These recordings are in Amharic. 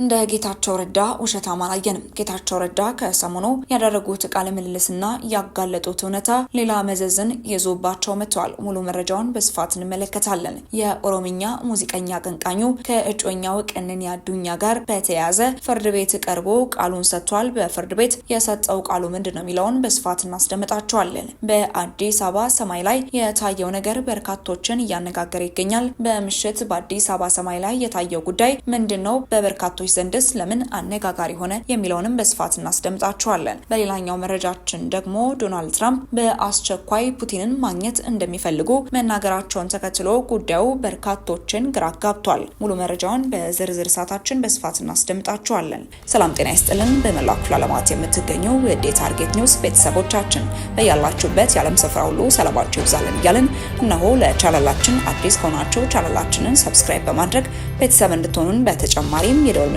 እንደ ጌታቸው ረዳ ውሸታም አላየንም። ጌታቸው ረዳ ከሰሞኑ ያደረጉት ቃለ ምልልስና ያጋለጡት እውነታ ሌላ መዘዝን ይዞባቸው መጥተዋል። ሙሉ መረጃውን በስፋት እንመለከታለን። የኦሮምኛ ሙዚቀኛ አቀንቃኙ ከእጮኛው ቅንን ያዱኛ ጋር በተያያዘ ፍርድ ቤት ቀርቦ ቃሉን ሰጥቷል። በፍርድ ቤት የሰጠው ቃሉ ምንድን ነው የሚለውን በስፋት እናስደምጣቸዋለን። በአዲስ አበባ ሰማይ ላይ የታየው ነገር በርካቶችን እያነጋገረ ይገኛል። በምሽት በአዲስ አበባ ሰማይ ላይ የታየው ጉዳይ ምንድን ነው? በበርካቶች በሴቶች ዘንድስ ለምን አነጋጋሪ ሆነ የሚለውንም በስፋት እናስደምጣችኋለን። በሌላኛው መረጃችን ደግሞ ዶናልድ ትራምፕ በአስቸኳይ ፑቲንን ማግኘት እንደሚፈልጉ መናገራቸውን ተከትሎ ጉዳዩ በርካቶችን ግራ ጋብቷል። ሙሉ መረጃውን በዝርዝር ሰዓታችን በስፋት እናስደምጣችኋለን። ሰላም ጤና ይስጥልን። በመላ ክፍለ ዓለማት የምትገኙ የዴ ታርጌት ኒውስ ቤተሰቦቻችን በያላችሁበት የዓለም ስፍራ ሁሉ ሰላማችሁ ይብዛልን እያልን እነሆ ለቻናላችን አዲስ ከሆናችሁ ቻናላችንን ሰብስክራይብ በማድረግ ቤተሰብ እንድትሆኑን በተጨማሪም የደወል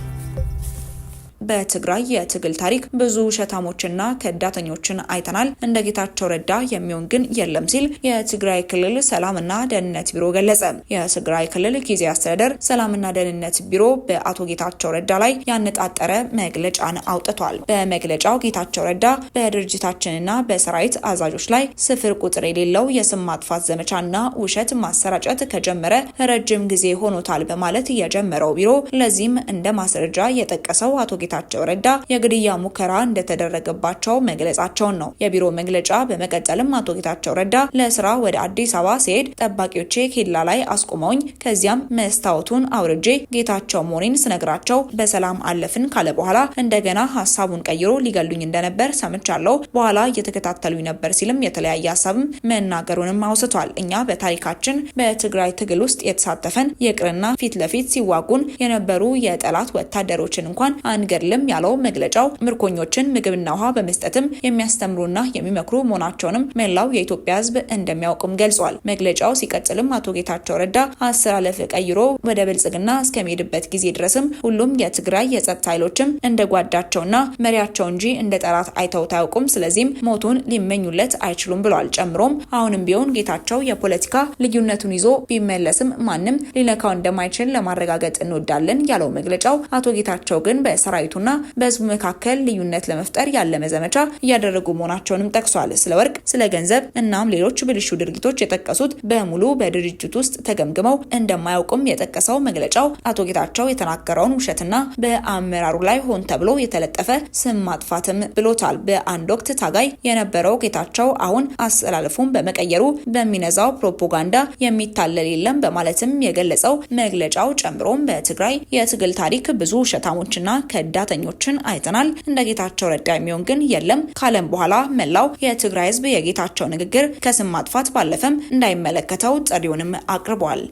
በትግራይ የትግል ታሪክ ብዙ ውሸታሞችና ከዳተኞችን አይተናል። እንደ ጌታቸው ረዳ የሚሆን ግን የለም ሲል የትግራይ ክልል ሰላምና ደህንነት ቢሮ ገለጸ። የትግራይ ክልል ጊዜ አስተዳደር ሰላምና ደህንነት ቢሮ በአቶ ጌታቸው ረዳ ላይ ያነጣጠረ መግለጫን አውጥቷል። በመግለጫው ጌታቸው ረዳ በድርጅታችንና በሰራዊት አዛዦች ላይ ስፍር ቁጥር የሌለው የስም ማጥፋት ዘመቻና ውሸት ማሰራጨት ከጀመረ ረጅም ጊዜ ሆኖታል በማለት የጀመረው ቢሮ ለዚህም እንደ ማስረጃ የጠቀሰው አቶ ጌታቸው ረዳ የግድያ ሙከራ እንደተደረገባቸው መግለጻቸውን ነው የቢሮ መግለጫ። በመቀጠልም አቶ ጌታቸው ረዳ ለስራ ወደ አዲስ አበባ ሲሄድ ጠባቂዎቼ ኬላ ላይ አስቁመውኝ ከዚያም መስታወቱን አውርጄ ጌታቸው መሆኔን ስነግራቸው በሰላም አለፍን ካለ በኋላ እንደገና ሀሳቡን ቀይሮ ሊገሉኝ እንደነበር ሰምቻለሁ። በኋላ እየተከታተሉኝ ነበር ሲልም የተለያየ ሀሳብም መናገሩንም አውስቷል። እኛ በታሪካችን በትግራይ ትግል ውስጥ የተሳተፈን የቅርና ፊት ለፊት ሲዋጉን የነበሩ የጠላት ወታደሮችን እንኳን አንገ አይደለም ያለው መግለጫው ምርኮኞችን ምግብና ውሃ በመስጠትም የሚያስተምሩና የሚመክሩ መሆናቸውንም መላው የኢትዮጵያ ሕዝብ እንደሚያውቅም ገልጿል። መግለጫው ሲቀጥልም አቶ ጌታቸው ረዳ አሰላለፍ ቀይሮ ወደ ብልጽግና እስከሚሄድበት ጊዜ ድረስም ሁሉም የትግራይ የጸጥታ ኃይሎችም እንደ ጓዳቸውና መሪያቸው እንጂ እንደ ጠላት አይተውት አያውቁም። ስለዚህም ሞቱን ሊመኙለት አይችሉም ብሏል። ጨምሮም አሁንም ቢሆን ጌታቸው የፖለቲካ ልዩነቱን ይዞ ቢመለስም ማንም ሊነካው እንደማይችል ለማረጋገጥ እንወዳለን ያለው መግለጫው አቶ ጌታቸው ግን በሰራዊ በሀገሪቱና በህዝቡ መካከል ልዩነት ለመፍጠር ያለመ ዘመቻ እያደረጉ መሆናቸውንም ጠቅሷል። ስለ ወርቅ፣ ስለ ገንዘብ እናም ሌሎች ብልሹ ድርጊቶች የጠቀሱት በሙሉ በድርጅት ውስጥ ተገምግመው እንደማያውቁም የጠቀሰው መግለጫው አቶ ጌታቸው የተናገረውን ውሸትና በአመራሩ ላይ ሆን ተብሎ የተለጠፈ ስም ማጥፋትም ብሎታል። በአንድ ወቅት ታጋይ የነበረው ጌታቸው አሁን አሰላለፉን በመቀየሩ በሚነዛው ፕሮፓጋንዳ የሚታለል የለም በማለትም የገለጸው መግለጫው ጨምሮም በትግራይ የትግል ታሪክ ብዙ ውሸታሞችና ከዳ ጉዳተኞችን አይተናል። እንደ ጌታቸው ረዳ የሚሆን ግን የለም ካለም በኋላ መላው የትግራይ ህዝብ የጌታቸው ንግግር ከስም ማጥፋት ባለፈም እንዳይመለከተው ጥሪውንም አቅርቧል።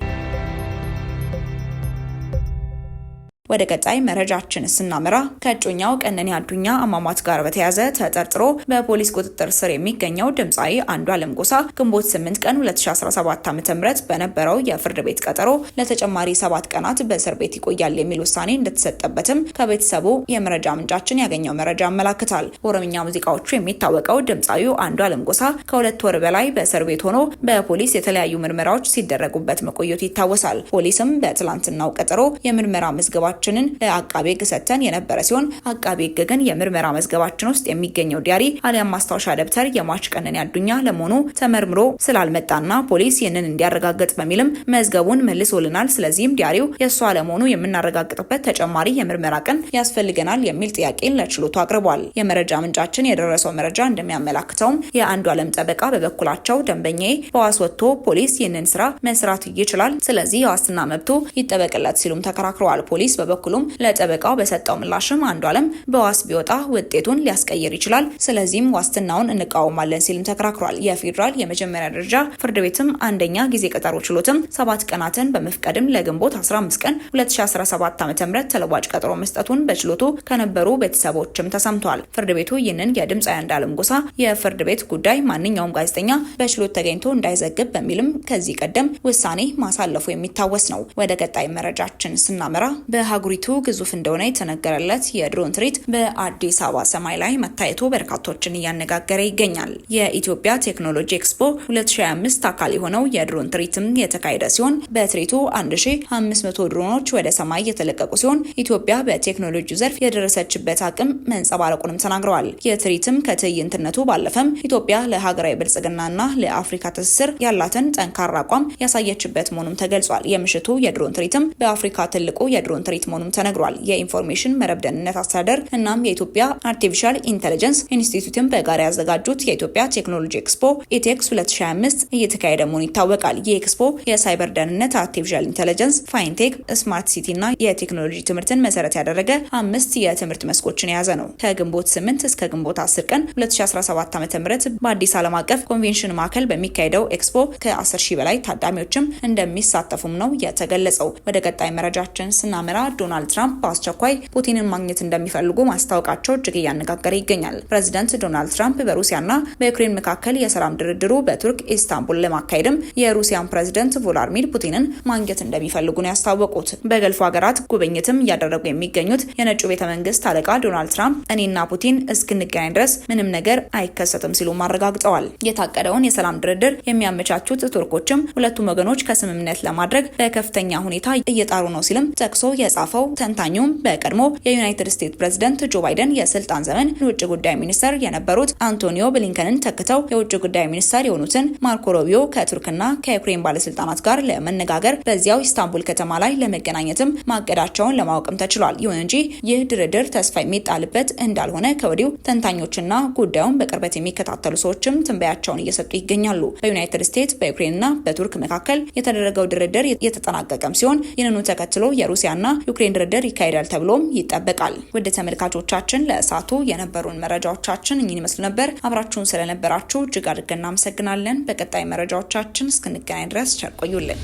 ወደ ቀጣይ መረጃችን ስናመራ ከእጮኛው ቀነኒ አዱኛ አሟሟት ጋር በተያያዘ ተጠርጥሮ በፖሊስ ቁጥጥር ስር የሚገኘው ድምፃዊ አንዷለም ጎሳ ግንቦት 8 ቀን 2017 ዓ ም በነበረው የፍርድ ቤት ቀጠሮ ለተጨማሪ ሰባት ቀናት በእስር ቤት ይቆያል የሚል ውሳኔ እንደተሰጠበትም ከቤተሰቡ የመረጃ ምንጫችን ያገኘው መረጃ አመላክታል። በኦሮምኛ ሙዚቃዎቹ የሚታወቀው ድምፃዊው አንዷለም ጎሳ ከሁለት ወር በላይ በእስር ቤት ሆኖ በፖሊስ የተለያዩ ምርመራዎች ሲደረጉበት መቆየቱ ይታወሳል። ፖሊስም በትላንትናው ቀጠሮ የምርመራ መዝገባ መዝገባችንን ለአቃቤ ሕግ ሰጥተን የነበረ ሲሆን አቃቤ ሕግ ግን የምርመራ መዝገባችን ውስጥ የሚገኘው ዲያሪ አሊያም ማስታወሻ ደብተር የሟች ቀነኒ አዱኛ ለመሆኑ ተመርምሮ ስላልመጣና ፖሊስ ይህንን እንዲያረጋግጥ በሚልም መዝገቡን መልሶልናል። ስለዚህም ዲያሪው የእሷ ለመሆኑ የምናረጋግጥበት ተጨማሪ የምርመራ ቀን ያስፈልገናል የሚል ጥያቄን ለችሎቱ አቅርቧል። የመረጃ ምንጫችን የደረሰው መረጃ እንደሚያመላክተውም የአንዱ አለም ጠበቃ በበኩላቸው ደንበኛዬ በዋስ ወጥቶ ፖሊስ ይህንን ስራ መስራት ይችላል፣ ስለዚህ የዋስትና መብቱ ይጠበቅለት ሲሉም ተከራክረዋል። ፖሊስ በበኩሉም ለጠበቃው በሰጠው ምላሽም አንዱ አለም በዋስ ቢወጣ ውጤቱን ሊያስቀይር ይችላል፣ ስለዚህም ዋስትናውን እንቃወማለን ሲልም ተከራክሯል። የፌዴራል የመጀመሪያ ደረጃ ፍርድ ቤትም አንደኛ ጊዜ ቀጠሮ ችሎትም ሰባት ቀናትን በመፍቀድም ለግንቦት 15 ቀን 2017 ዓ.ም ተለዋጭ ቀጠሮ መስጠቱን በችሎቱ ከነበሩ ቤተሰቦችም ተሰምቷል። ፍርድ ቤቱ ይህንን የድምፃዊ አንዱአለም ጎሳ የፍርድ ቤት ጉዳይ ማንኛውም ጋዜጠኛ በችሎት ተገኝቶ እንዳይዘግብ በሚልም ከዚህ ቀደም ውሳኔ ማሳለፉ የሚታወስ ነው። ወደ ቀጣይ መረጃችን ስናመራ በሀ በአህጉሪቱ ግዙፍ እንደሆነ የተነገረለት የድሮን ትርኢት በአዲስ አበባ ሰማይ ላይ መታየቱ በርካቶችን እያነጋገረ ይገኛል። የኢትዮጵያ ቴክኖሎጂ ኤክስፖ 2025 አካል የሆነው የድሮን ትርኢትም የተካሄደ ሲሆን በትርኢቱ 1500 ድሮኖች ወደ ሰማይ የተለቀቁ ሲሆን ኢትዮጵያ በቴክኖሎጂ ዘርፍ የደረሰችበት አቅም መንጸባረቁንም ተናግረዋል። የትርኢትም ከትዕይንትነቱ ባለፈም ኢትዮጵያ ለሀገራዊ ብልጽግናና ለአፍሪካ ትስስር ያላትን ጠንካራ አቋም ያሳየችበት መሆኑም ተገልጿል። የምሽቱ የድሮን ትርኢትም በአፍሪካ ትልቁ የድሮን ትርኢት ውጤት መሆኑም ተነግሯል። የኢንፎርሜሽን መረብ ደህንነት አስተዳደር እናም የኢትዮጵያ አርቲፊሻል ኢንቴሊጀንስ ኢንስቲትዩትን በጋራ ያዘጋጁት የኢትዮጵያ ቴክኖሎጂ ኤክስፖ ኢቴክስ 2025 እየተካሄደ መሆኑ ይታወቃል። ይህ ኤክስፖ የሳይበር ደህንነት፣ አርቲፊሻል ኢንቴሊጀንስ፣ ፋይንቴክ፣ ስማርት ሲቲ እና የቴክኖሎጂ ትምህርትን መሰረት ያደረገ አምስት የትምህርት መስኮችን የያዘ ነው። ከግንቦት 8 እስከ ግንቦት 10 ቀን 2017 ዓ ም በአዲስ ዓለም አቀፍ ኮንቬንሽን ማዕከል በሚካሄደው ኤክስፖ ከ10 ሺህ በላይ ታዳሚዎችም እንደሚሳተፉም ነው የተገለጸው። ወደ ቀጣይ መረጃችን ስናመራ ዶናልድ ትራምፕ በአስቸኳይ ፑቲንን ማግኘት እንደሚፈልጉ ማስታወቃቸው እጅግ እያነጋገረ ይገኛል። ፕሬዚደንት ዶናልድ ትራምፕ በሩሲያና በዩክሬን መካከል የሰላም ድርድሩ በቱርክ ኢስታንቡል ለማካሄድም የሩሲያን ፕሬዚደንት ቮላድሚር ፑቲንን ማግኘት እንደሚፈልጉ ነው ያስታወቁት። በገልፎ ሀገራት ጉብኝትም እያደረጉ የሚገኙት የነጩ ቤተ መንግስት አለቃ ዶናልድ ትራምፕ እኔና ፑቲን እስክንገናኝ ድረስ ምንም ነገር አይከሰትም ሲሉ አረጋግጠዋል። የታቀደውን የሰላም ድርድር የሚያመቻቹት ቱርኮችም ሁለቱም ወገኖች ከስምምነት ለማድረግ በከፍተኛ ሁኔታ እየጣሩ ነው ሲልም ጠቅሶ የጻ የተጻፈው ተንታኙም በቀድሞ የዩናይትድ ስቴትስ ፕሬዝደንት ጆ ባይደን የስልጣን ዘመን የውጭ ጉዳይ ሚኒስተር የነበሩት አንቶኒዮ ብሊንከንን ተክተው የውጭ ጉዳይ ሚኒስተር የሆኑትን ማርኮ ሮቢዮ ከቱርክና ከዩክሬን ባለስልጣናት ጋር ለመነጋገር በዚያው ኢስታንቡል ከተማ ላይ ለመገናኘትም ማቀዳቸውን ለማወቅም ተችሏል። ይሁን እንጂ ይህ ድርድር ተስፋ የሚጣልበት እንዳልሆነ ከወዲሁ ተንታኞችና ጉዳዩን በቅርበት የሚከታተሉ ሰዎችም ትንበያቸውን እየሰጡ ይገኛሉ። በዩናይትድ ስቴትስ በዩክሬንና በቱርክ መካከል የተደረገው ድርድር የተጠናቀቀም ሲሆን ይህንኑ ተከትሎ የሩሲያና ዩክሬን ድርድር ይካሄዳል ተብሎም ይጠበቃል። ውድ ተመልካቾቻችን ለእሳቱ የነበሩን መረጃዎቻችን እኚህን ይመስሉ ነበር። አብራችሁን ስለነበራችሁ እጅግ አድርገን እናመሰግናለን። በቀጣይ መረጃዎቻችን እስክንገናኝ ድረስ ቸር ቆዩልን።